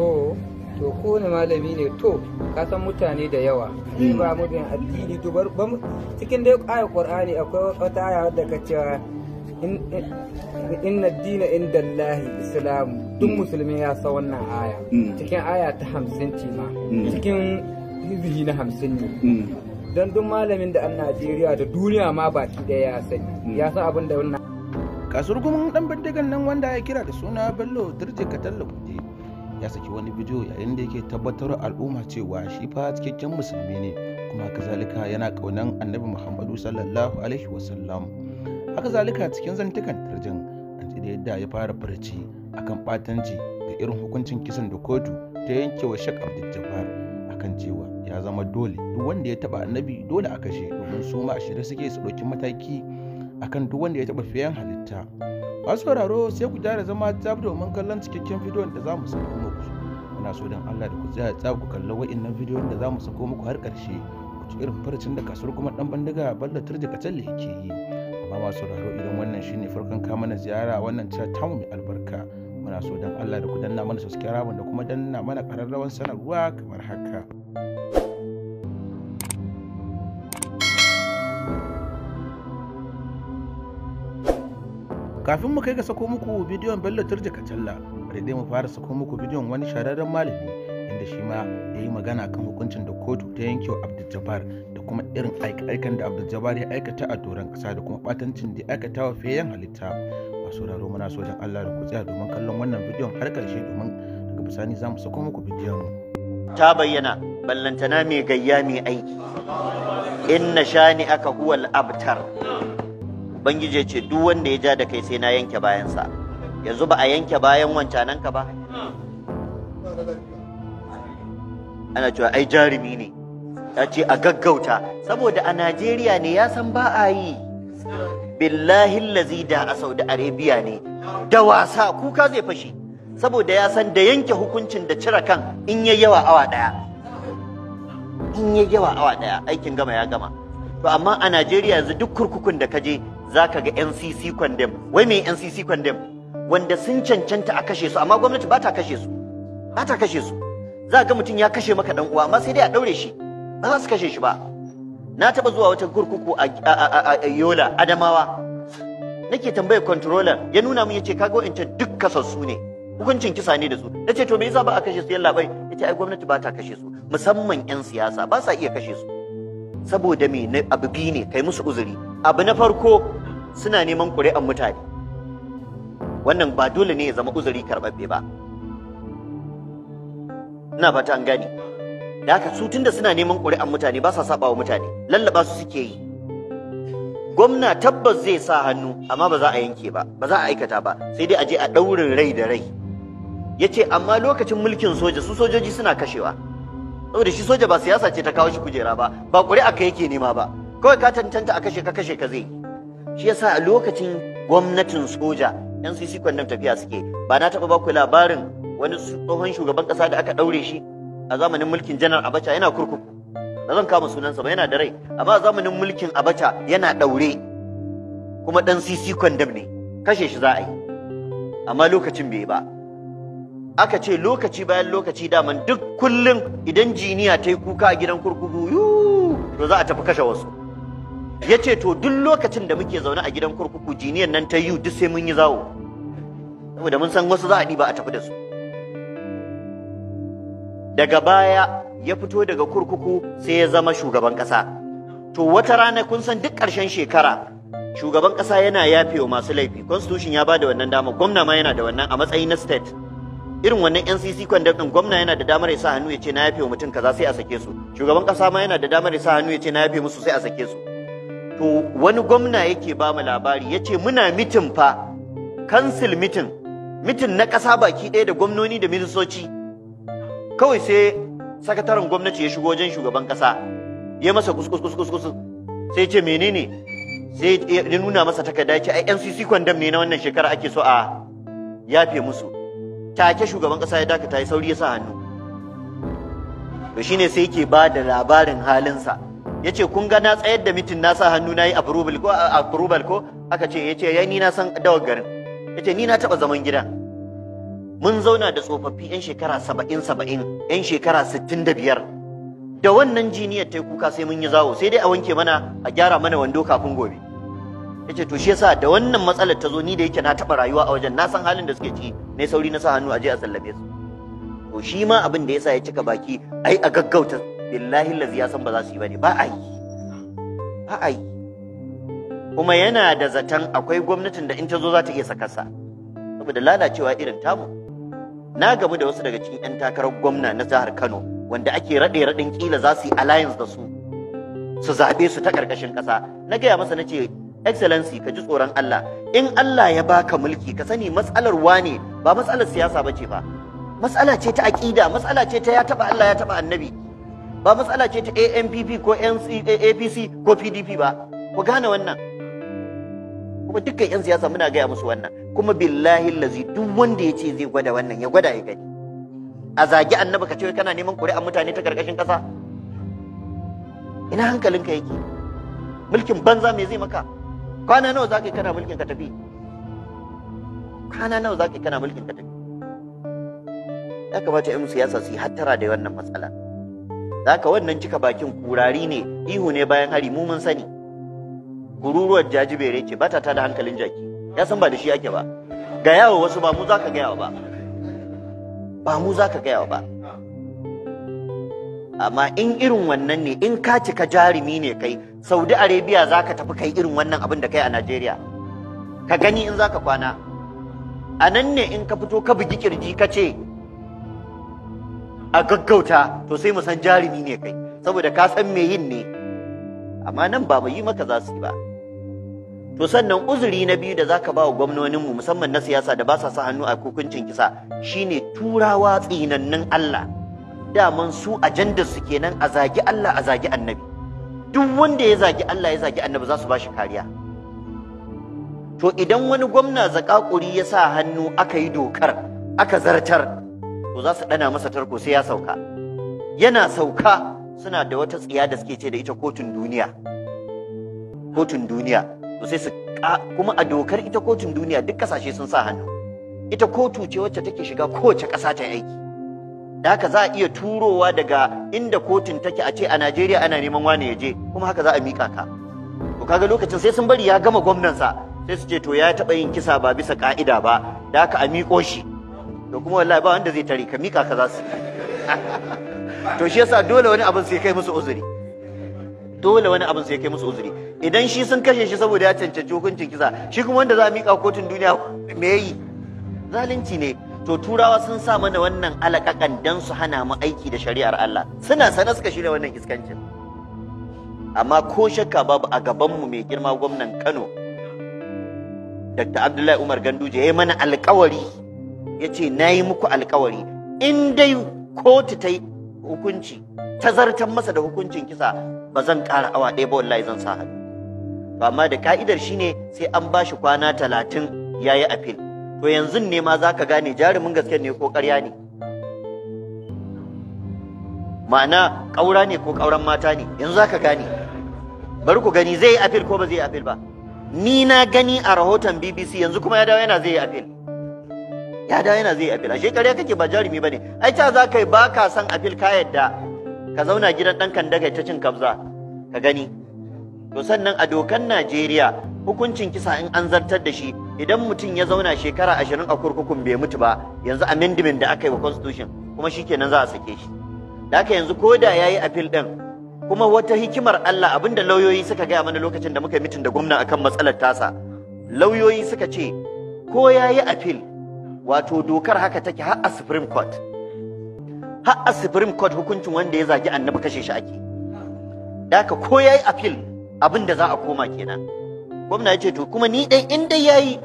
to to ne malami ne to ka san mutane da yawa ni ba mu bin addini to bar cikin dai ayar qur'ani akwai wata aya wadda ka cewa inna dina inda Allah islamu duk musulmi ya sa wannan aya mm. cikin aya ta hamsin ce ma mm. cikin hizbi na hamsin ne mm. don duk malamin da an najeriya da duniya ma baki da ya sani ya san abin da wannan kasurgumin dan bindigan nan wanda ya kira da suna bello dirje katalla kuje ya saki wani bidiyo yayin da yake tabbatar al'umma cewa shi fa cikakken musulmi ne kuma kazalika yana ƙaunar annabi muhammadu sallallahu alaihi wasallam haka zalika cikin zantukan tarjin an ji da yadda ya fara furci akan ɓatanci da irin hukuncin kisan da kotu ta yanke wa shak abdul akan cewa ya zama dole duk wanda ya taba annabi dole a kashe domin su ma a shirye suke su ɗauki mataki akan duk wanda ya taba fiyan halitta masu sauraro sai ku gyara zama tab domin kallon cikakken bidiyon da za mu sako muku muna so don allah da ku tsaya tab ku kalla wa'innan bidiyon da za mu sako muku har ƙarshe ku ci irin farcin da kasuwar kuma dan bandiga balla turji ka talle yake yi amma masu sauraro idan wannan shine farkon kama na ziyara wannan ta tamu mai albarka muna so don allah da ku danna mana subscribe da kuma danna mana ƙararrawar sanarwa kamar haka. kafin mu kai ga sako muku bidiyon bello turji kacalla bari dai mu fara sako muku bidiyon wani shararren malami inda shi ma ya yi magana kan hukuncin da kotu ta yankewa wa abdul da kuma irin aikin da abdul ya aikata a doron kasa da kuma batancin da aikata wa feyen halitta masu raro muna sojan allah da kutsiya domin kallon wannan bidiyon har karshe domin daga bisani za mu sako muku bidiyon ta bayyana ballantana mai gayya mai aiki inna shani aka huwal abtar ubangiji ya ce duk wanda ya ja da kai sai na yanke bayansa yanzu ba a yanke bayan wancananka ba ana cewa ai jarumi ne ya ce a gaggauta saboda a najeriya ne ya san ba a yi billahi Lazida da a saudi arabia ne da wasa kuka zai fashi saboda ya san da yanke hukuncin da cire kan in yi yawa awa daya in yi yawa awa daya aikin gama ya gama to amma a Najeriya yanzu duk kurkukun da kaje ka ga NCC condemn wai me NCC condemn wanda sun cancanta a kashe su amma gwamnati ba ta kashe su ba ta kashe su za ga mutum ya kashe maka dan uwa amma sai dai a daure shi ba za su kashe shi ba na taba zuwa wata kurkuku a Yola Adamawa nake tambayar controller ya nuna min yace kaga wa'ancan duk kasassu ne hukuncin kisa ne da su nace to me yasa ba a kashe su yalla bai yace ai gwamnati ba ta kashe su musamman yan siyasa ba sa iya kashe su saboda me na abu biyu ne kai musu uzuri abu na farko suna neman ƙuri'an mutane wannan ba dole ne ya zama uzuri karɓaɓɓe ba ina fata an gane da haka su tunda suna neman ƙuri'an mutane ba sa saba wa mutane lallaba su suke yi gwamna tabbas zai sa hannu amma ba za a yanke ba ba za a aikata ba sai dai a je a ɗaurin rai da rai ya ce amma lokacin mulkin soja su sojoji suna kashewa saboda shi soja ba siyasa ce ta kawo shi kujera ba ba ƙuri'a ka yake nema ba kawai ka tantanta a kashe ka kashe ka zai shi yasa a lokacin gwamnatin soja yan sisi kwandam tafiya suke ba na taɓa baku labarin wani tsohon shugaban ƙasa da aka ɗaure shi a zamanin mulkin janar abacha yana kurkuku ba zan kama sunansa ba yana da rai amma a zamanin mulkin abacha yana ɗaure kuma ɗan sisi kwandam ne kashe shi za a yi amma lokacin bai ba aka ce lokaci bayan lokaci daman duk kullum idan jiniya ta yi kuka a gidan kurkuku to za a tafi kashe wasu ya ce to duk lokacin da muke zaune a gidan kurkuku jiniyan nan ta yi duk sai mun yi zawo saboda mun san wasu za a ɗiba a tafi da su daga baya ya fito daga kurkuku sai ya zama shugaban ƙasa to wata rana kun san duk ƙarshen shekara shugaban ƙasa yana yafewa masu laifi constitution ya ba da wannan dama gwamna ma yana da wannan a matsayin na state irin wannan NCC kwandon din gwamna yana da damar ya sa hannu ya ce na yafe wa mutum kaza sai a sake su shugaban kasa ma yana da damar ya sa hannu ya ce na yafe musu sai a sake su to wani gwamna yake ba mu labari ya ce muna mitin fa council mitin mitin na kasa baki ɗaya da gwamnoni da ministoci kawai sai sakataren gwamnati ya shigo wajen shugaban kasa ya masa kuskus kuskus sai ce menene sai ya nuna masa takarda ya ce ai NCC kwandon ne na wannan shekara ake so a yafe musu take shugaban kasa ya dakata ya sauri ya sa hannu to shine sai yake ba da labarin halinsa yace kun ga na tsayar da mitin na sa hannu nayi approval ko approval ko aka ce yace yai ni na san dawar garin yace ni na taba zaman gida mun zauna da tsofaffi yan shekara 70 70 yan shekara 65 da wannan jiniyar tai kuka sai mun yi zawo sai dai a wanke mana a gyara mana wando kafin gobe yace to shi yasa da wannan matsalar ta zo ni da yake na taba rayuwa a wajen na san halin da suke ciki ne sauri na sa hannu aje a sallame su to shi ma abin da yasa ya cika baki ai a gaggauta billahi lazi ya san ba za su yi bane ba ai ba ai kuma yana da zaton akwai gwamnatin da in ta zo za ta iya sakarsa saboda lalacewa irin tamu na gamu da wasu daga cikin 'yan takarar gwamna na jihar Kano wanda ake raɗe raɗin kila za su yi alliance da su su zaɓe su ta ƙarƙashin ƙasa na gaya masa na ce excellency ka ji tsoron Allah in Allah ya baka mulki ka sani matsalar wane ba matsalar siyasa bace ba matsala ce ta aƙida matsala ce ta ya taba Allah ya taba annabi ba matsala ce ta ANPP ko APC ko PDP ba ku gane wannan kuma dukkan yan siyasa muna gaya musu wannan kuma billahi lazi duk wanda ya ce zai gwada wannan ya gwada ya gani a zagi annabi ka ce kana neman ƙuri'an mutane ta ƙarƙashin ƙasa ina hankalinka yake mulkin banza me zai maka kwana nawa ka yi kana mulkin ka tafi kwana nawa ka yi kana mulkin ka tafi ya kamata yan siyasa su yi hattara da wannan matsala Za ka wannan cika bakin kurari ne ihu ne bayan hari mu mun sani gururuwar jajibere ce bata ta da hankalin jaki ya san ba da shi ake ba ga yawo wasu ba mu za ga gaya ba ba mu zaka ga yawa ba amma in irin wannan ne in ka cika jarumi ne kai saudi arabia za ka tafi kai irin wannan abin da kai a najeriya ka gani in za ka kwana a nan ne in ka fito ka bugi kirji ka ce a gaggauta to sai mu san jarumi ne kai saboda ka san me yin ne amma nan ba mai yi maka za su yi ba to sannan uzuri na biyu da za ka ba wa gwamnoninmu musamman na siyasa da ba sa sa hannu a hukuncin kisa shine turawa tsinannin Allah daman su ajandar su kenan a zagi Allah a zagi annabi duk wanda ya zagi Allah ya zagi annabi za su ba shi kariya to idan wani gwamna zakakuri ya sa hannu aka yi dokar aka zartar to za su dana masa tarko sai ya sauka yana sauka suna da wata tsiya da suke ce da ita kotun duniya kotun duniya to sai su kuma a dokar ita kotun duniya duk kasashe sun sa hannu ita kotu ce wacce take shiga kowace ƙasa ta aiki da haka za a iya turowa daga inda kotun take a ce a Najeriya ana neman wane ya je kuma haka za a miƙa ka to kaga lokacin sai sun bari ya gama gwamnansa sai su ce to ya taɓa yin kisa ba bisa ka'ida ba da haka a miƙo shi to kuma wallahi ba wanda zai tare ka miƙa ka za su to shi yasa dole wani abin sai kai musu uzuri dole wani abin sai kai musu uzuri idan shi sun kashe shi saboda ya cancanci hukuncin kisa shi kuma wanda za a mika kotun duniya me yi zalunci ne to turawa sun sa mana wannan alaƙaƙan don su hana mu aiki da shari'ar Allah suna sana suka shirya wannan iskancin amma ko shakka babu a gabanmu mai girma gwamnan Kano Dr. Abdullahi Umar Ganduje ya yi mana alkawari ya ce na yi muku alkawari in dai kotu ta yi hukunci ta zartar masa da hukuncin kisa ba zan ƙara awa ɗaya ba wallahi zan sa hannu amma da ka'idar shine sai an ba shi kwana talatin ya yi a fili. to yanzu ne ma za ka gane jarumin gaske ne ko ƙarya ne ma'ana ƙaura ne ko ƙauran mata ne yanzu za ka gane bari ku gani zai yi afil ko ba zai yi afil ba ni na gani a rahoton bbc yanzu kuma ya dawo yana zai yi afil ya dawo yana zai yi afil ashe ƙarya kake ba jarumi ba ne ai ta za ka yi ba ka san afil ka yadda ka zauna gidan ɗan kan daga ta cin kabza ka gani to sannan a dokan najeriya hukuncin kisa in an zartar da shi idan mutum ya zauna shekara ashirin a kurkukun bai mutu ba yanzu amendment da aka yi wa constitution kuma shikenan za a sake shi da haka yanzu ko da ya yayi appeal ɗin kuma wata hikimar Allah abinda lauyoyi suka gaya mana lokacin da muka yi mitin da gwamna akan matsalar tasa lauyoyi suka ce ko ya a appeal wato dokar haka take har a supreme court har a supreme court hukuncin wanda ya zagi annabi kashe shi ake da haka ko ya yi appeal abin da za a koma kenan gwamna ya ce to kuma ni dai in dai yayi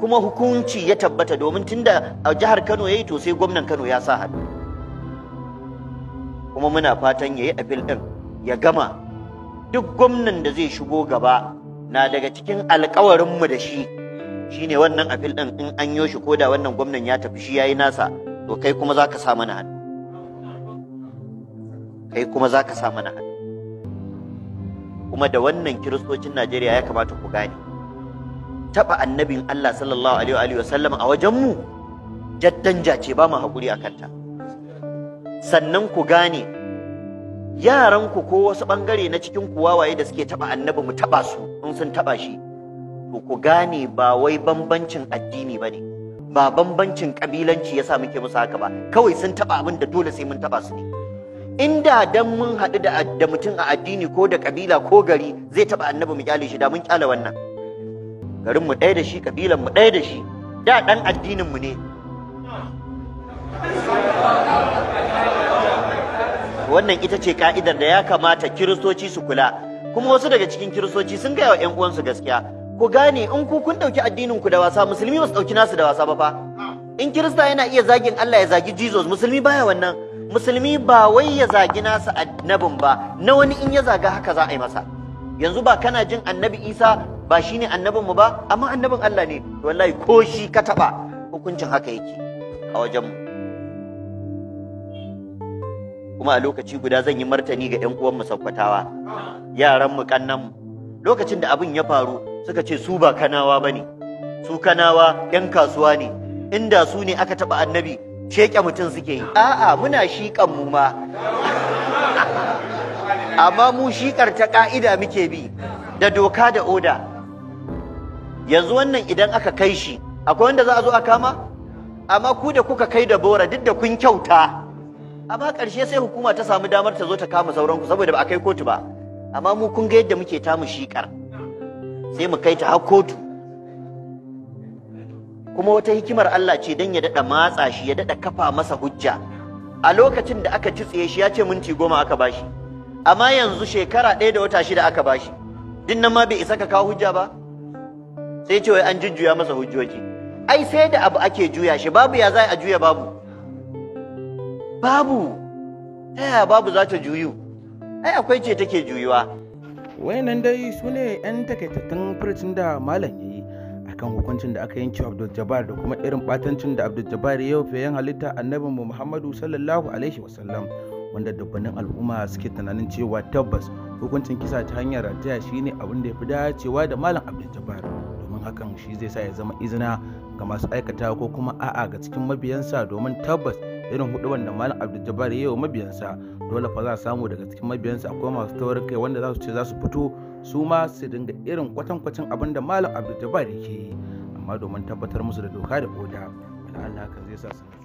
kuma hukunci ya tabbata domin tunda a jihar Kano yayi to sai gwamnan Kano ya sa hadu. kuma muna fatan yayi appeal din ya gama duk gwamnan da zai shigo gaba na daga cikin mu da shi shine wannan appeal din in an yo shi koda wannan gwamnan ya tafi shi yayi nasa to kai kuma zaka sa mana hannu kai kuma zaka sa mana hannu kuma da wannan kiristocin Najeriya ya kamata ku gane Taɓa annabin Allah sallallahu alaihi a wajen mu jaddanja ce ba mu hakuri a kanta. sannan ku gane yaranku ku ko wasu bangare na cikin kuwawaye da suke taba annabi mu taɓa su in sun taɓa shi to ku gane ba wai bambancin addini ne ba bambancin ya yasa muke musu haka ba kawai sun taɓa abin da dole sai mun taɓa su ne inda dan mun haɗu da mutum a addini ko da ƙabila ko gari zai taɓa annabi mu kyale shi da mun kyale wannan garin mu ɗaya da shi kabilan mu ɗaya da shi da ɗan addinin mu ne wannan ita ce ka'idar da ya kamata kiristoci su kula kuma wasu daga cikin kiristoci sun gaya wa 'yan uwansu gaskiya ku gane in ku kun ɗauki addinin ku da wasa musulmi ba su ɗauki nasu da wasa ba fa in kirista yana iya zagin Allah ya zagi Jesus musulmi baya wannan musulmi ba wai ya zagi nasu annabin ba na wani in ya zaga haka za a yi masa yanzu ba kana jin annabi Isa ba shi ne annabinmu ba amma annabin Allah ne wallahi ko shi ka taɓa? hukuncin haka yake a wajenmu. kuma a lokaci guda zan yi martani ga 'yan uwanmu sakkwatawa yaran mu lokacin da abin ya faru suka ce su ba kanawa ne. su kanawa 'yan kasuwa ne inda su ne aka taɓa annabi sheƙe mutum suke yi a'a muna shiƙan mu ma amma mu shiƙar ta ƙa'ida muke bi da doka da oda yanzu wannan idan aka kai shi akwai wanda za a zo a kama amma ku da kuka kai da bora duk da kun kyauta amma ƙarshe sai hukuma ta samu damar ta zo ta kama sauranku saboda ba a kai kotu ba amma mu kun ga yadda muke ta mu shiƙar sai mu kai ta har kotu kuma wata hikimar Allah ce don ya daɗa matsa shi ya daɗa kafa masa hujja a lokacin da aka tsaye shi ya ce minti goma aka bashi amma yanzu shekara ɗaya da wata shida aka bashi din nan ma bai isa ka kawo hujja ba sai ce wai an jujjuya masa hujjoji ai sai da abu ake juya shi babu ya za a juya babu babu ta yaya babu za ta juyu ai akwai ce take juyuwa wayannan dai su ne 'yan takaitattun furcin da malam ya yi akan hukuncin da aka yanke Abdul Jabbar da kuma irin batancin da Abdul Jabbar ya yi halitta annabinmu Muhammadu sallallahu alaihi wasallam wanda dubbanin al'umma suke tunanin cewa tabbas hukuncin kisa ta hanyar rataya shine abin da ya fi dacewa da malam abdul jabbar domin hakan shi zai sa ya zama izina ga masu aikata ko kuma a'a ga cikin mabiyansa domin tabbas irin hudu wanda malam abdul jabbar ya yi wa mabiyansa dole fa za a samu daga cikin mabiyansa akwai masu taurin kai wanda za su ce za su fito su ma su dinga irin kwatankwacin abin da malam abdul jabbar yake yi amma domin tabbatar musu da doka da oda Allah hakan zai sa su